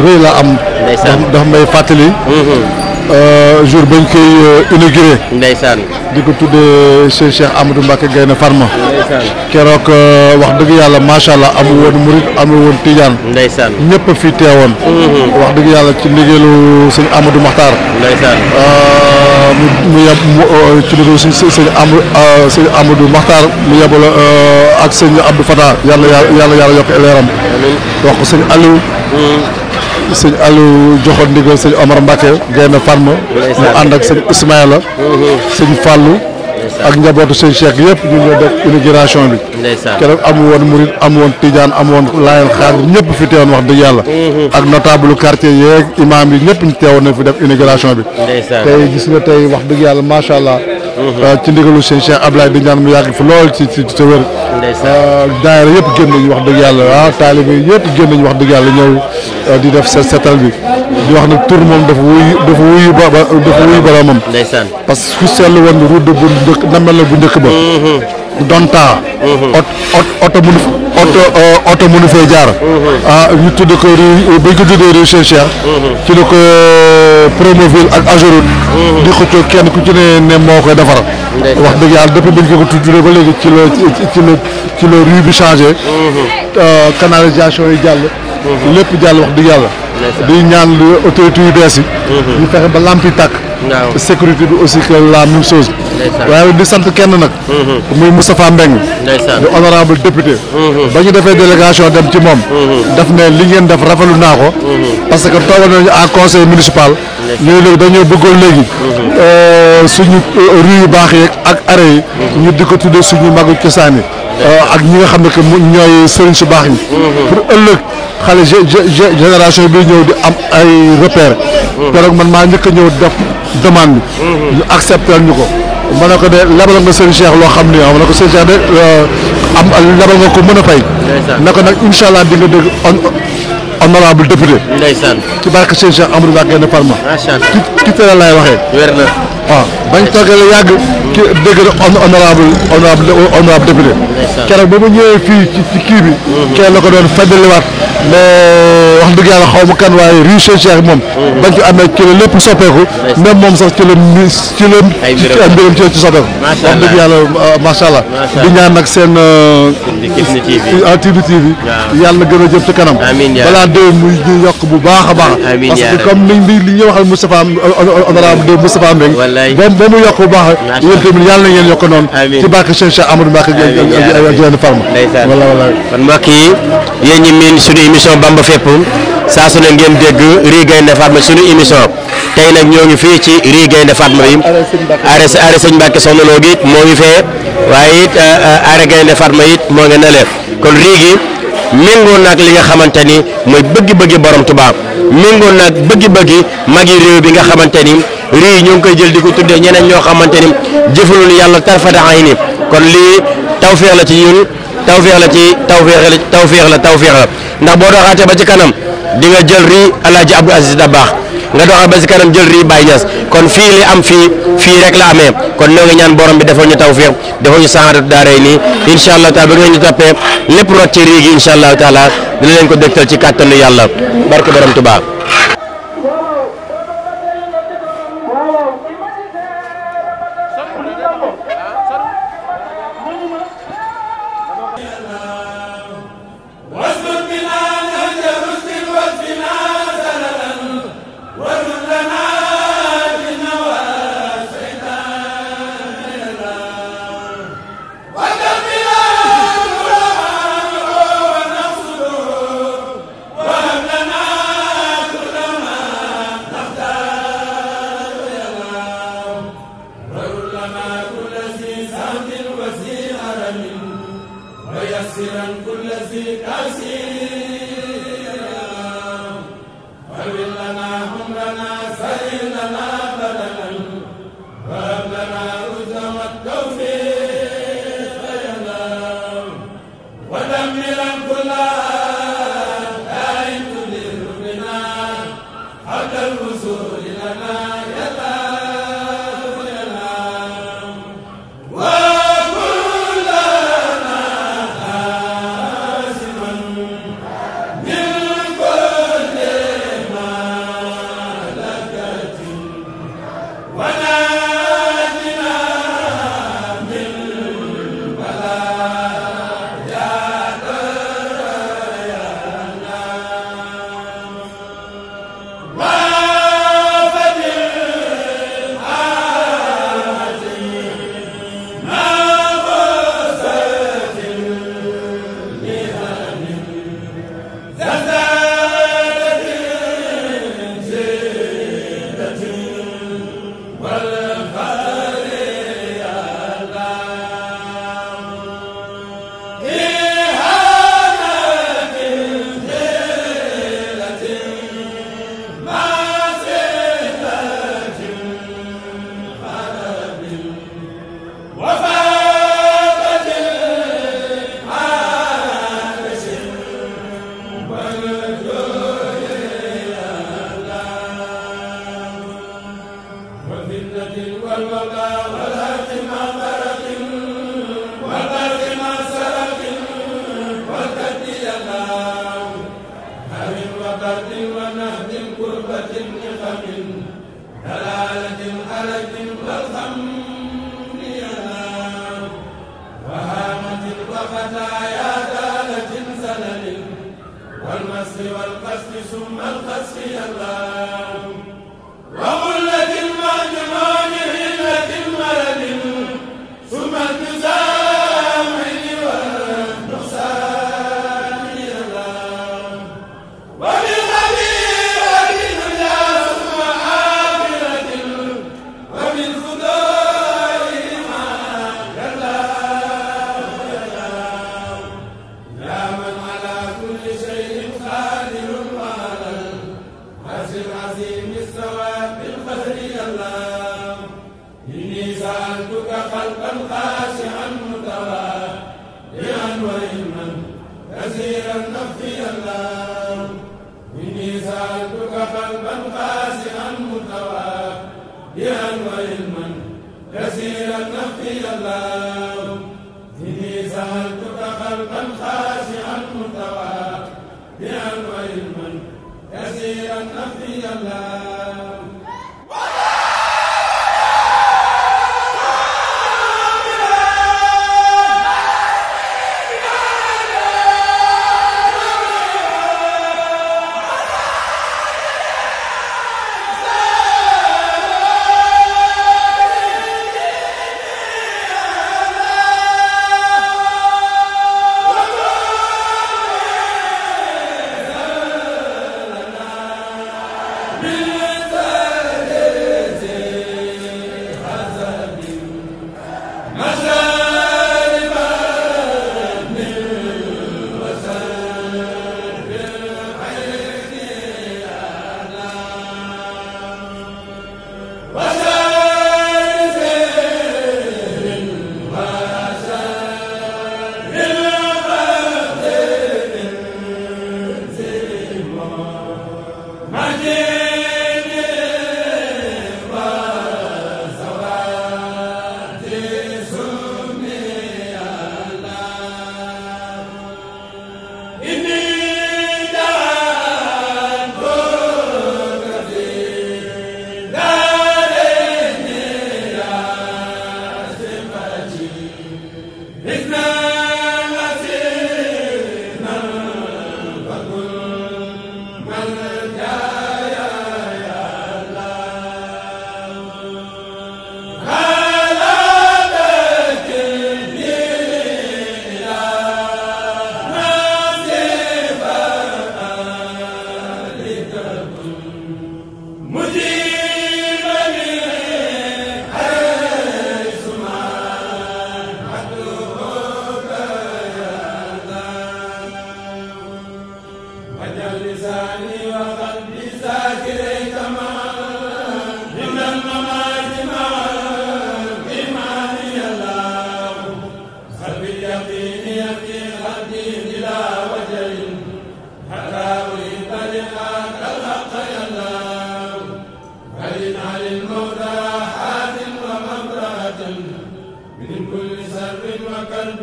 rëy la am. ndeysaan ndax may fàttali. Mhm. Euh, jour bañ koy euh, inauguré. ndeysaan di ko tuddee seen Cheikh Amadou Mbacke Gaynde Fatma. ndeysaan keroog euh, wax dëgg yàlla macha allah amul woon Murit amul woon Tijaan. ndeysaan ñëpp a fi teewoon. Mhm. wax dëgg yàlla ci liggéeyu sëñ Amadou Makhtar. mu yeb ci niru si sëñ am euh, sëñ Amadou Makhtar mu yebal euh, ak sëñ Abdou Fatah yàlla yàlla yàlla yokk leeram wax ko sëñ Aliou hmm. sëñ Aliou joxoon ndigal sëñ Omar Mbacke génn farm mu ànd ak sëñ Ismaïla hmm, hmm. sëñ Fallou ak njabootu sëñ Cheikh yëpp ñu ñoo def inauguration bi keroog am woon murid am woon tijaan am woon laayeen xaar ñëpp fi teewoon wax dëgg yàlla mhm. ak notable quartier yeeg imam yi ñëpp ñu teewoon na fi def inauguration bi tey gis nga tey wax dëgg yàlla macha allah Euh, ci ndigalu seen Cheikh Ablaye di ñaan mu yàgg fi lool ci ci sa wér. Euh, daayira yëpp génn nañu wax dëgg yàlla ah taalibe yëpp génn ñu wax dëgg yàlla ñëw euh, di def sa setal bi. di wax nag tur moom dafa wuyu dafa wuyu ba dafa wuyu boromam. parce que ku seetlu woon route de bu njëkk na mel bu njëkk ba. Mm-hmm. Donta. oto mun oto oto munu fee jaar. ah ñu tudd ko rue bu ñu ko tuddee rue Cheikh Cheikh. ci la ko Promoville ak Ageroute. di xëccoo kenn ku ci ne ne moo koy defar. wax dëgg yàlla depuis bi ñu ko tuddee ba léegi ci la ci la ci la rue bi changé. canalisation yi jàll. lépp jàll wax dëgg yàlla. di ñaan autorité yu bees ñu fexe ba lamp yi sécurité bi aussi que la même sos waaye di sant kenn nag. Mhm. muy Moustapha Mbeng di honorable député. Mhm. ba ñu defee délégation dem ci moom. Mhm. daf ne li ngeen def rafetlu naa ko. parce que toogal nañu à conseil municipal. léegi léegi dañoo bëggoon léegi. Euh, suñu euh, rue yu baax yeeg ak arrêt yi. ñu di ko tuddee suñu magu cosaan yi. Euh, ak ñi nga xam ne que ñooy sëriñ su baax ñi. pour ëllëg xale génération bi ñëw di am ay repères. keroog man maa njëkk ñëw def. demande bi. ñu accepté ñu ko. ma ne ko de lebal nga seen Cheikh loo xam ne ah ma ne ko seen Cheikh de euh, am lebal nga ko mën a fay. naka nag incha allah di honorable député. ndeysaan ci barke seen Cheikh Amadou Mbacké ne Palma. macha allah ci ci waxee. Ah, bañ toogee la yàgg. ki dégg na honorable honorable honorable député. ndeysaan keroog ba ñëwee fii ci kii bi. Mm-hmm. kenn la ko doon fàttaliwaat mais. wax dëgg yàlla xaw ma kan waaye rue Cheikh moom. bañ fi amee ci la lépp soppeeku. même moom sax ci la mi ci la. ay mbiram di ñaan nag seen. Kifne TV Kifne TV. gën a jëm ci kanam. amiin yaa balaa déwén muy bu baax a baax. parce que comme niñ li ñu waxal a honorable de Moustapha Mbengue. wallaay ba ba mu yokk bu baax. macha allah yéen tamit yàlla na ngeen yokk ci barke Cheikh Amadou Mbacke farma. saa su ne ngeen dégg Rii Gaynde Fatma suñu émission tey nag ñoo ngi fii ci Rii Gaynde Fatma bi are are sëñ Mbàkke Soxna Lo gi it moo ngi fee waaye it eh, eh, are Gaynde Fatma it moo ngi ne leen kon rii gi méngoo li nga xamante ni mooy bëgg-bëggi borom Tuubaa méngoo naag bëgg-bëggi magi réew bi nga xamante ni ñoo ngi koy jël di ko tuddee ñeneen ñoo xamante ni jëfalul yàlla tarfata ayni kon lii tawféex la ci ñun tawféex la ci tawféex la tawféex la tawféex la ndax boo doxaatee ba ci kanam di nga jël riz Alaaji Abdou da baax nga doxal ba kanam jël riz Baye Niass kon fii li am fii fii rek la amee kon noo ngi ñaan borom bi defal ñu taw tawfiq defal ñu saxaaratu daaray nii incha allah taala ba ngeen ñu toppee lépp rot ci riz gi incha allah taala dina leen ko dégtal ci kàttanu yàlla barke borom Tuubaa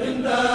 بالله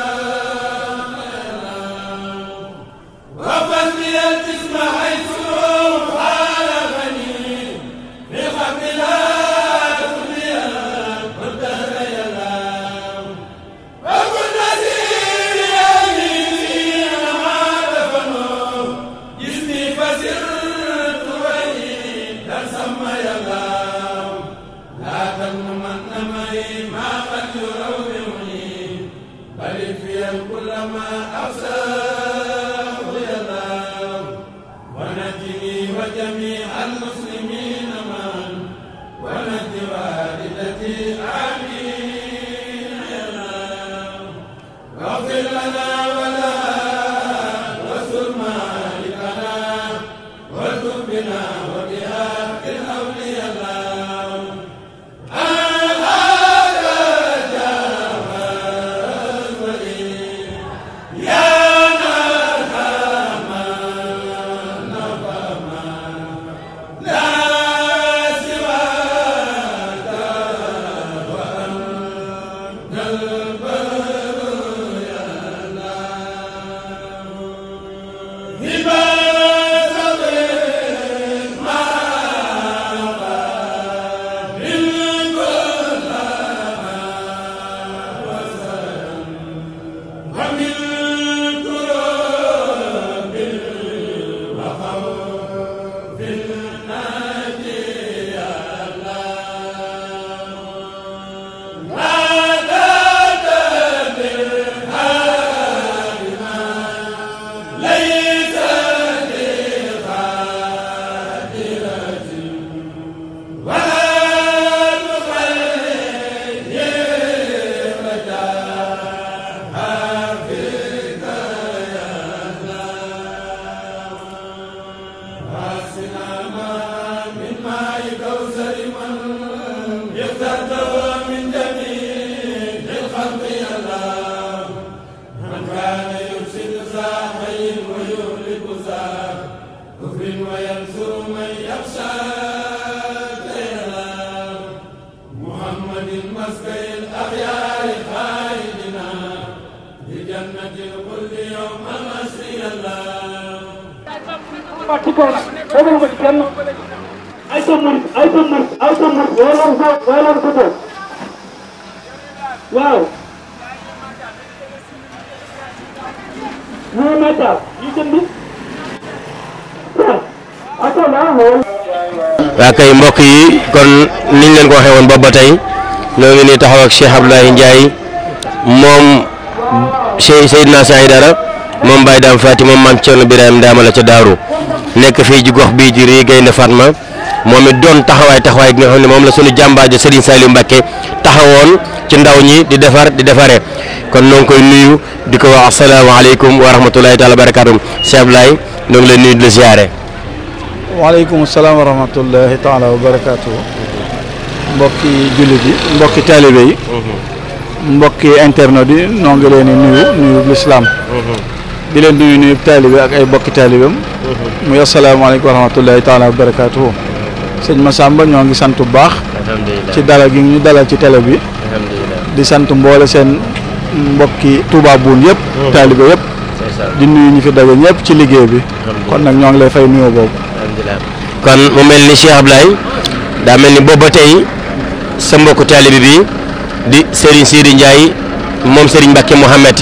ngi taxaw ak Cheikh Abdoulaye Ndiaye moom Cheikh Seydina Sy Aidara moom Baye Dame Faty moom maam Thierno Birahim Dama la ca Daaru nekk fii ji gox bii ji rii Gaynde ma moom it doon taxawaay taxawaay gi nga xam ne moom la sunu jàmbaajo Serigne Saliou Mbacke taxawoon ci ndaw ñi di defar di defaree kon noo ngi koy nuyu di ko wax asalaamaaleykum wa rahmatulahi taala wa barakaatu Cheikh Abdoulaye noo lay nuyu di la ziare. waaleykum salaam wa rahmatulahi wa barakaatu. mbokki jullit yi mbokki taalibe yi mbokki internet yi noo ngi leen di nuyu nuyu lislaam mm-hmm. di leen nuyu nuyu taalibe ak ay mbokki taalibeem mm-hmm. muy asalaamaaleykum wa rahmatullahi taala wa barakaatuhu mm-hmm. sëñ Massamba ñoo ngi sant bu baax ci dalal gi ñu dalal ci télé bi di sant mboole seen mbokki Touba Boune yëpp taalibe yëpp di nuyu ñu fi daje ñëpp ci liggéey bi kon nag ñoo ngi lay fay nuyu boobu kon mu mel ni Cheikh Ablaye daa mel ni booba tey sa mbokku bi di serigne sidi jai mom serigne mbacke mohammed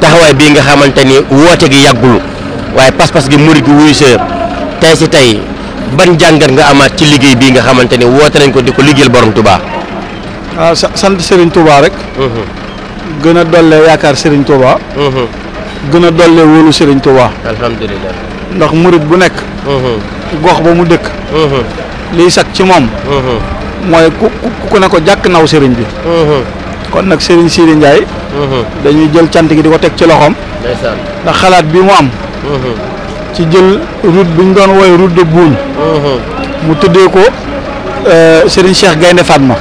taxaway bi nga xamanteni wote gi yagul waye pas-pas gi mourid gi wuyu seur tay ci tay ban jangat nga amat ci liggéey bi nga xamanteni wote nañ ko diko ko borom tuba ah sant serigne tuba rek hmm gëna dolle yaakar serigne tuba hmm gëna dolle wolu serigne tuba alhamdullilah ndax mourid bu hmm gox ba mu hmm li sak ci hmm mooy ku ku ne ko jàkk naw sëriñ bi. Mm-hmm. kon nag sëriñ Sidi Ndiaye. Mm-hmm. dañuy jël cant gi di ko teg ci loxoom. ndax xalaat bi mu am. Mm-hmm. ci jël route bi ñu doon woy route de Buuñ. mu tuddee ko euh, sëriñ Cheikh Gaynde Fatma.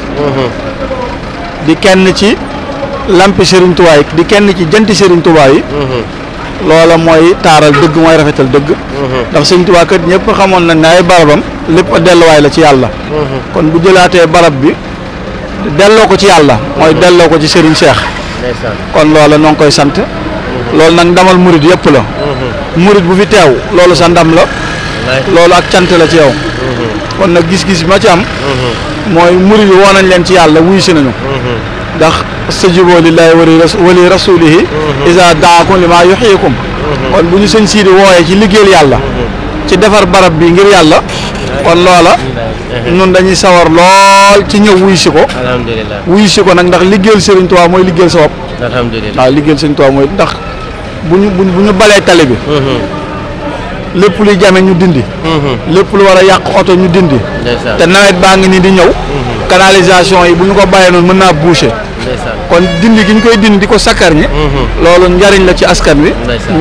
di kenn ci lampi sëriñ Tuubaa di kenn ci janti sëriñ Tuubaa yi. loola mooy taaral dëgg mooy rafetal dëgg mhm. ndax sëñ Tuubaa kat ñëpp xamoon nañ ne ay barabam lépp a la ci yàlla mhm. kon bu jëlaatee barab bi delloo ko ci yàlla mooy mhm. delloo ko ci sëriñ Seex kon loola noo koy sant loolu nag ndamal murit yëpp la murit bu fi teew loolu sa ndam la loolu ak cant la ci yow kon nag gis-gis ma ci am mooy murit yi woo nañ leen ci yàlla wuy si nañu ndax استجيبوا لله ولرسوله اذا دعاكم لما يحييكم كون بني سن سيدي ووي سي ليغيل يالا سي دفر برب بي غير يالا كون لولا نون داني ساور لول سي نيو ويسيكو الحمد لله ويسيكو نك داخ ليغيل سيرن توا موي ليغيل سوب الحمد لله لا ليغيل سيرن توا موي داخ بني بني بالي طالبي lepp luy jame ñu dindi lepp lu wara yaq auto ñu dindi te nawet baangi ni di ñew canalisation yi buñu ko bayé non mëna boucher kon dindi gi ñu koy dind di ko sakkarñe mhm. loolu njariñ la ci askan wi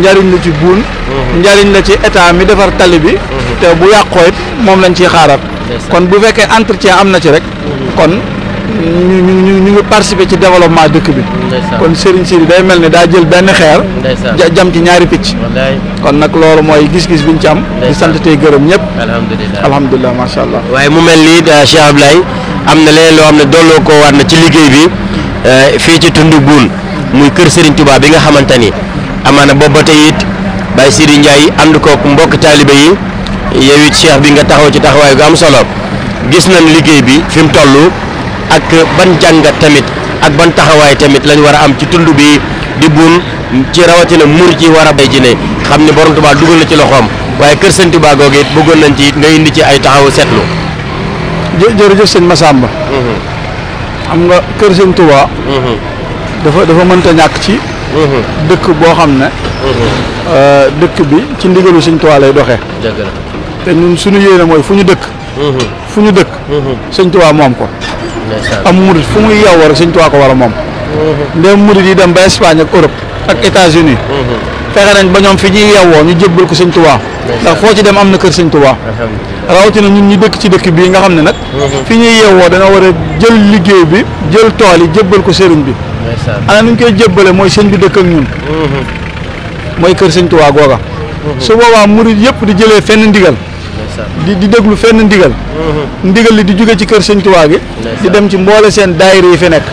njariñ la ci buun mhm. njariñ la ci état mi defar tali bi mhm. te bu yàqoo moom lañ ci xaaraat kon bu fekkee entretien am na ci rek kon ñu ñu ñu ngi participer ci développement dëkk bi. kon Serigne Sidi day mel ni daa jël benn xeer. jam ci ñaari picc. kon nag loolu mooy gis-gis bi ñu ci am. di sant tey gërëm ñëpp. alhamdulilah alhamdulilah allah. waaye mu mel nii euh, Cheikh Ablaye am na leneen loo xam ne dolloo ci liggéey bi. Eh, fi ci tundu buun muy keur Serigne Touba bi nga xamantani amana amaana booba tey it Baye Sidi Ndiaye ko koog mbokk yi yewi cheikh bi nga taxaw ci taxaway gu am solo gis nañ liggey bi fim tollu ak ban jangat tamit ak ban taxaway tamit lañ wara am ci tundu bi di buun ci rawati na ci wara bay jine xamni borom Touba duggal na ci loxom waye keur Serigne Touba gogit beggon nañ ci nga indi ci ay taxaw jeureu Massamba. Mm-hmm. xam nga kër sëñ Touba. Mhm. dafa dafa mënta ñàkk ci. Mhm. dëkk boo xam ne. Mhm. Euh, dëkk bi ci ndigalu sëñ Touba lay doxee. te ñun suñu yéene mooy fu ñu dëkk. fu ñu dëkk. sëñ Touba moom ko. am murit fu muy yow war sëñ Touba ko war a moom. ndem murit yi dem ba Espagne ak Europe ak États-Unis fexe nañ ba ñoom fi ñuy yewwoo ñu jëbbal ko sëñ Tuubaa ndax foo ci dem am na kër sëñ Tuubaa na ñun ñu dëkk ci dëkk bii nga xam ne nag mhm. fi ñuy yewwoo dañoo war a jël liggéey bi jël tool yi jëbbal ko sëriñ bi ana nu koy jébbale mooy seen bi dëkk ak ñun mhm. mooy kër sëñ Tuubaa googa mhm. su boobaa murid yëpp di jëlee fenn ndigal di di déglu fenn ndigal ndigal li di jóge ci kër sëñ Tuubaa gi di dem ci mboole seen daayira yi fi nekk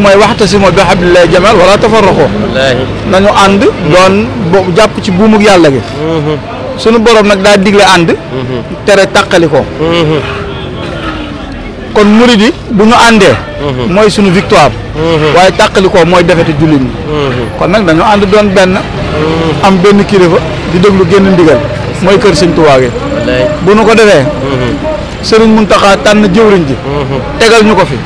moy waxta si mo bi hablillahi jamal wala tafarraqu nañu and don bo japp ci buumug yalla gi mm-hmm. sunu borom nak da digle and mm-hmm. téré tàqali ko mm-hmm. kon mouride buñu andé moy suñu sunu victoire waye tàqali ko mooy defete jullit ñi kon nak dañu and don ben am ben kilifa di deglu genn ndigal moy keur seigne touba gi buñu ko defee Sëriñ Muntaxa tan jeuwriñ ji tegal ñuko fi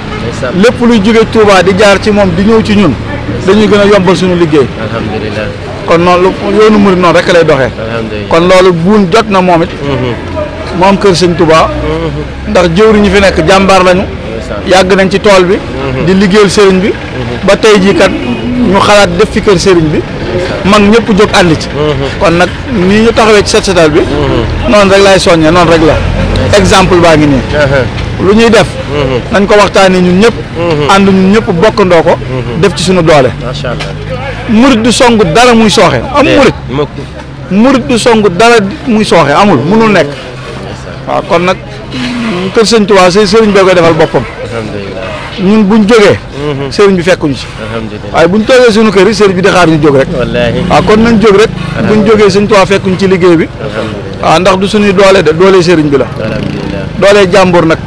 lépp luy jóge Touba di jaar ci moom di ñëw ci ñun dañuy gën a yombal suñu liggéey alhamdulilah kon noonu yoonu murid noonu rek lay doxee kon loolu buun jot na moom it mhm. moom kër sëñ Touba mhm. ndax jëwriñ ñi fi nekk jàmbaar lañu yàgg nañ ci tool bi mhm. di liggéeyal sëriñ bi ba tey jii kat ñu xalaat def fi kër sëriñ bi mag ñëpp jóg ànd ci kon nag nii ñu taxawee ci set setal bi noonu rek laay soññee noonu rek la exemple baa ngi nii lu ñuy def Mm-hmm. nañ ko waxtaanee ñun ñëpp. Mm-hmm. ànd ñun ñëpp bokkandoo ko. Mm-hmm. def ci suñu doole. macha allah murit du songu dara muy sooxe am murit. murit du song dara muy sooxe amul munul nekk. waaw kon nag kër sëñ Tuubaa say sëriñ bee koy defal boppam. ñun buñ jógee. sëriñ bi fekkuñ si. waaye buñ toogee suñu kër sëriñ bi di xaar ñu jóg rek. waaw kon nañ jóg rek. buñ jógee sëñ Tuubaa fekkuñ ci liggéey bi. waaw ndax du suñuy doole de doole sëriñ bi la. doole jàmbur nag.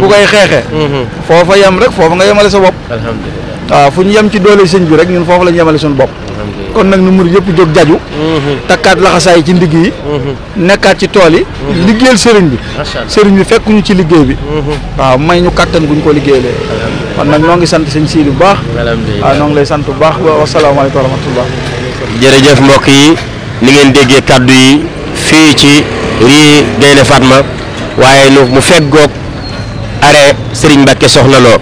ku koy xeexee mhm. foofa yem rek foofa nga yemale sa bopp alhamdulilah waaw ah, fu ñu yem ci doole sëñ bi rek ñun foofu la yemale suñu bopp kon nag nu murid yëpp jóg jaju mhm. takkaat laxasaay ci ndigg yi mhm. nekkaat ci tool yi liggéeyal sëriñ bi sëriñ bi fekkuñu ci liggéey bi waaw ah, may ñu kattan guñ ko liggéeyalee kon nag noo ngi sant sëñ Sidi bu baax waaw ah, noo ngi lay sant bu baax wasalaamaaleykum wa rahmatullah jëf mbokk yi ni ngeen déggee kàddu yi fii ci rii Gaynde Fatma waaye nu mu feggoog daare Serigne Mbacke soxnaloo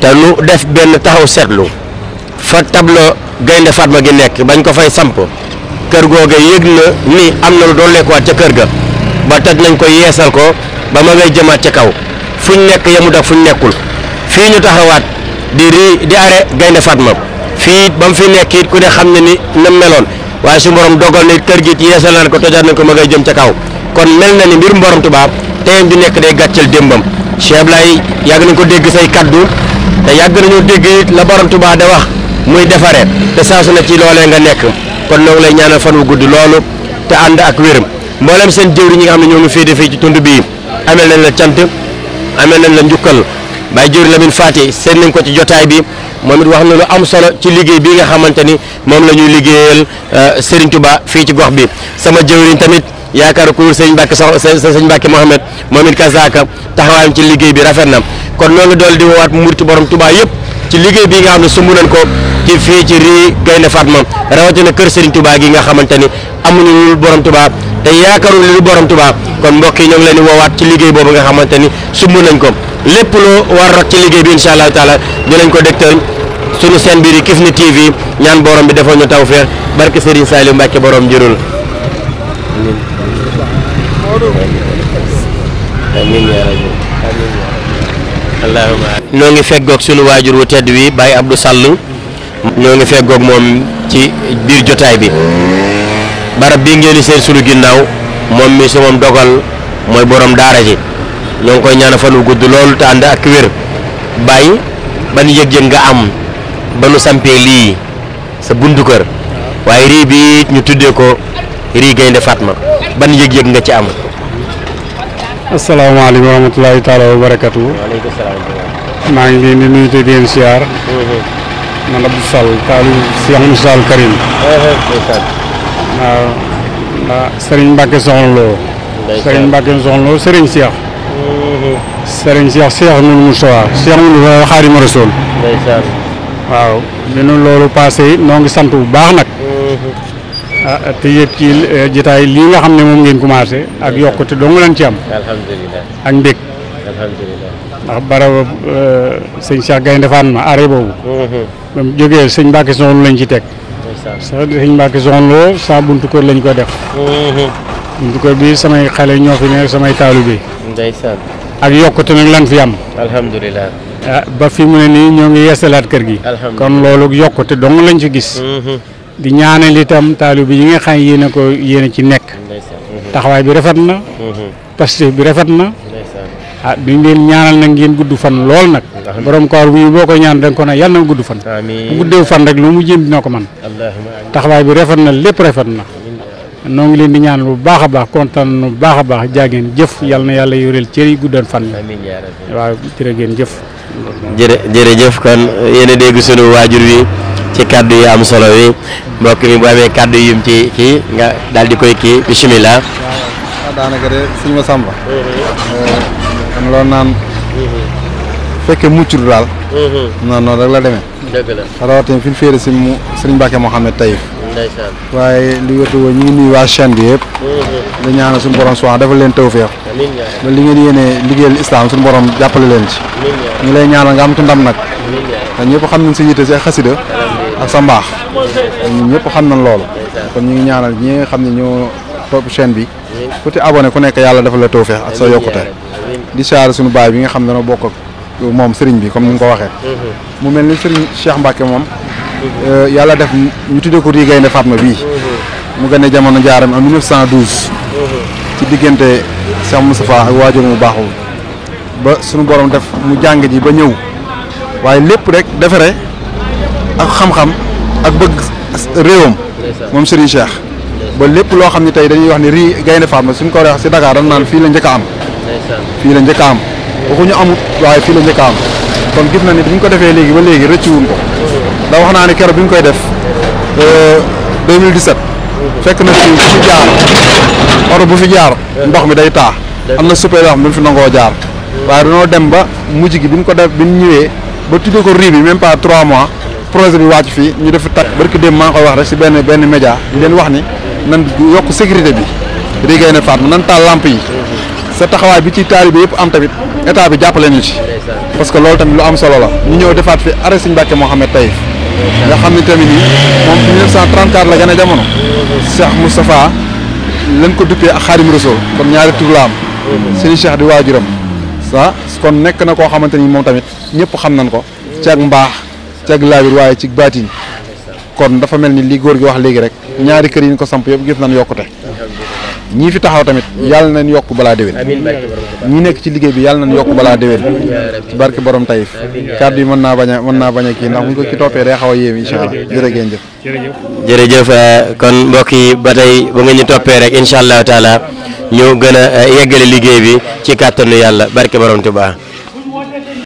te nu def benn taxaw seetlu fa tableau Gaynde Fatma gi nekk bañ ko fay samp kër googa yëg na ni am na lu doon lekkuwaat ca kër ga ba toj nañ ko yeesal ko ba ma ngay jëmaat ca kaw fuñ nekk yemut fu ñu nekkul fii ñu taxawaat di ri di are Gaynde Fatma fii ba mu fi nekk it ku ne xam ne ni na meloon waaye su borom dogal ne kër gi it yeesal nañ ko tojaat nañ ko ma ngay jëm ca kaw kon mel na ni mbir mborom tubaab teyam ju nekk day gàcceel démbam Cheikh yàgg nañ ko dégg say kaddu te yàgg nañoo dégg it la borom Tuubaa da wax muy defare te saasu na ci loolee nga nekk kon noo lay ñaanal fan wu gudd loolu te ànd ak wéram mboolem seen jëwri ñi nga xam ne ñoo fii féete fii ci tund bii amel nañ la cant amel nañ la njukkal Baye jëwri Lamine Faati seen nañ ko ci jotaay bi moom it wax na lu am solo ci liggéey bi nga xamante ni moom la ñuy liggéeyal euh, Serigne tubaa fii ci gox bi sama jëwriñ tamit. yaakaar ku sëñ Mbàkke soxna sëñ Mbàkke Mohamed moom it kazaka taxawaayam ci liggéey bi rafet na kon noo ngi dool di woowaat murit borom Tuubaa yëpp ci liggéey bi nga xam ne sumb nañ ko ci fii ci rii Gaynde Fatma rawatina kër Serigne Touba gi nga xamante ni amuñu lu borom Touba te borom Touba kon mbokk yi ñoo ngi leen di woowaat ci liggéey boobu nga xamante ni sumb nañ ko lépp lu war rot ci liggéey bi incha allahu taala dinañ ko dégtal suñu seen biir Kifne TV ñaan borom bi defoo ñu tawfeex barke Serigne Saliou Mbacke borom njërul amiin noo ngi feggoog sunu waajur wu tedd wi Baye Abdou sàll ñoo ngi feggoog moom ci biir jotaay bi barab bi ngeen di seen sunu ginnaaw moom mi su moom dogal mooy borom daara ji ñoo koy ñaana fan wu gudd loolu te ànd ak wér bàyyi ban yëg-yëg nga am ba nu sampee lii sa buntu kër waaye rii bi ñu tuddee ko rii gaynde Fatma ban yëg-yëg nga ci am asalaamaaleykum wa rahmatulahi taala wa barakatu maa ngi leen di nuyu te di leen siyaar mm-hmm. man Abdou Sall taalu Cheikh Moussa Al Karim mm-hmm. waaw ndax Serigne Mbacke Soxna Lo Serigne Mbacke Soxna Lo Serigne Cheikh mm-hmm. Serigne Cheikh Cheikh Nour Moussa Cheikh Nour Xaadimu Rasuul waaw bi loolu passé noo ngi sant bu baax nag ah te yëg ci eh, jitaay lii nga xam ne moom ngeen commencé ak yokkute dong lañ ci am. ak mbég. alhamdulilah ndax barab eh, sëñ Cheikh Gaynde Fatma arrêt boobu. Mhm. ba mu jógee sëñ Mbacke Soxna lañ ci teg. sax sëñ Mbacke Soxna sa buntu kër lañ ko def. Mhm. buntu kër bi samay xale ñoo fi ne samay taalibe. ndeysaan ak yokkute nag lan fi am. alhamdulilah. Ah, ba fi mu ne nii ñoo ngi yeesalaat kër gi. kon loolu yokkute dong lañ ci gis. Mhm. di ñaanal itam bi yi nga xam yéen a ko yéen a ci nekk mhm. taxawaay bi rafet na mhm. pastif bi rafet na ah duñ leen ñaanal na ngeen gudd fan lool nag borom koor bi boo ko ñaan da nga ko ne yàlla na gudd fan bu guddee fan rek lu mu jëm dina ko man taxawaay bi rafet na lépp rafet na noo ngi leen di ñaan bu baax a baax kontaan nu baax a baax jaageen jëf yàlla na yàlla yoreel cër yi guddal fan yi waaw jërë ngeen jëf jërëjëf kon yéen a dégg sunu ci kàddu yu am solo yi mbokk mi bu amee kàddu yum ci kii nga daal di koy kii bisimilah. waaw de suñu ma sàmba. Eh, am loolu naan. fekke muccul daal. non la demee. dëgg la rawatina fi mu féere si mu Serigne Mbacke Mouhamed Taïf. ndeysaan waaye li wér ngi nuyu waa chaîne bi yëpp. Mm-hmm. di ñaanal suñu borom subhaanahu dafa leen tawfeex. ba li ngeen yéenee liggéeyal islam suñu borom jàppale leen ci. ñu lay ñaanal nga am ci ndam nag. ñëpp xam nañ sa yitte si xasida ak sa mbaax ñun xam na loolu kon ñu ngi ñaanal ñi nga xam ne ñu topp chaîne bi ku ci abonné ku nekk yàlla dafa la tawfeex ak sa yokkute di siyaare suñu baay bi nga xam ne dana bokk ak moom sëriñ bi comme ni nga ko waxee mu mel ni sëriñ Cheikh Mbacke moom euh, yàlla def ñu tuddee ko rii gaynde Fatma bii mu gën a jamono jaaram en 1912 ci diggante Cheikh Moustapha ak waajur mu baaxul ba suñu boroom def mu jàng ji ba ñëw waaye lépp rek defere ak xam-xam ak bëgg réewam moom Serigne Cheikh ba lépp loo xam ne tey dañuy wax ni rii gaynde Fatma suñ ko wax si Dakar dañ naan fii la njëkk a am fii la njëkk a am ñu amut waaye fii la njëkk a am kon gis na ni bi ñu ko defee léegi ba léegi rëcciwuñ ko da wax naa ne keroog bi ñu koy def 2017 euh, fekk na fi fi jaar oto bu fi jaar ndox mi day taa am na supe yoo xam ne fi nangoo jaar waaye dañoo dem ba mujj gi bi ñu ko def bi ñu ñëwee ba tuddee ko rii bi même pas 3 mois projet bi wacc fi ñu def tak barki dem ma koy wax rek ci ben ben média di len wax ni nan yok sécurité bi rigéey na faat nan ta lampe yi sa taxaway bi ci talib yëpp am tamit état bi jappalé ñu ci parce que lool tam lu am solo la ñu ñew defat fi arrêt seigne bakay mohammed tay nga xamni tamit ni mom 1934 la gëna jamono Cheikh mustapha lañ ko duppé ak Xaadim Rasul kon ñaari tour la am seigne Cheikh di wajuram sa kon nek na ko xamanteni mom tamit ñepp xam nañ ko ci ak mbax ci ak laabir waaye ci baatin kon dafa mel ni li góor gi wax léegi rek ñaari kër yi ñu ko samp yëpp gis nañ yokkute ñii fi taxaw tamit yàlla nañ yokk balaa déwén ñi nekk ci liggéey bi yàlla nañ yokk balaa déwén ci barke borom tayif kàddu yi mën naa bañ mën naa bañ a kii ndax bu ñu ko ci toppee day xaw a yéem incha allah jërëgeen jëf jërëjëf euh, kon mbokk yi ba tey bu nga ñu toppee rek incha allah taala ñu gën a euh, yeggale liggéey bi ci kàttanu yàlla barke borom Tuubaa